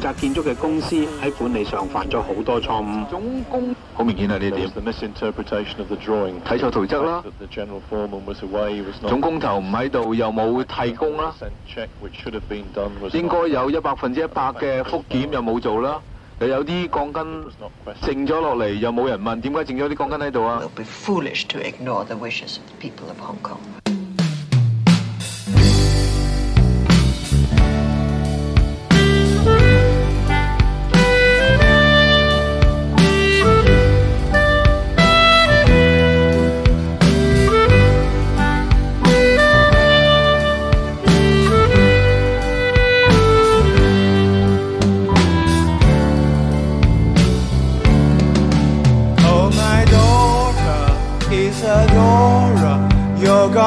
負責建築嘅公司喺管理上犯咗好多錯誤，總工，好明顯係呢點，睇錯圖則啦，總工頭唔喺度又冇替工啦，應該有一百分之一百嘅復檢又冇做啦，又有啲鋼筋剩咗落嚟又冇人問點解剩咗啲鋼筋喺度啊？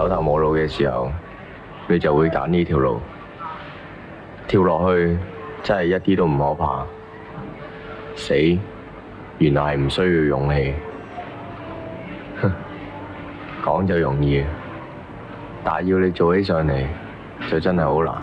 走投無路嘅時候，你就會揀呢條路跳落去，真係一啲都唔可怕。死原來係唔需要勇氣，講就容易，但係要你做起上嚟就真係好難。